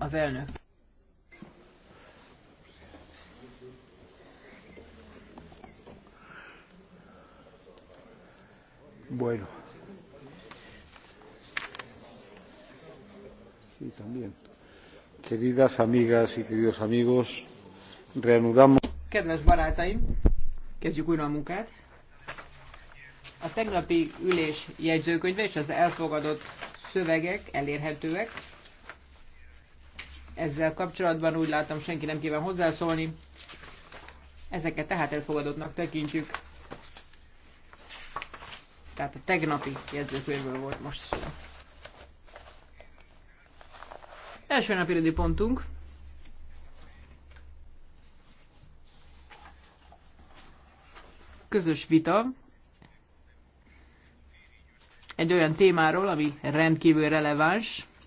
Az elnök. Bueno. Sí, también. Queridas amigas y queridos amigos, reanudamos. Kedves barátaim, kezdjük újra a munkát. A tegnapi ülés jegyzőkönyve és az elfogadott szövegek elérhetőek ezzel kapcsolatban úgy látom senki nem kíván hozzászólni. Ezeket tehát elfogadottnak tekintjük. Tehát a tegnapi jegyzőkönyvből volt most szó. Első napi pontunk. Közös vita egy olyan témáról, ami rendkívül releváns,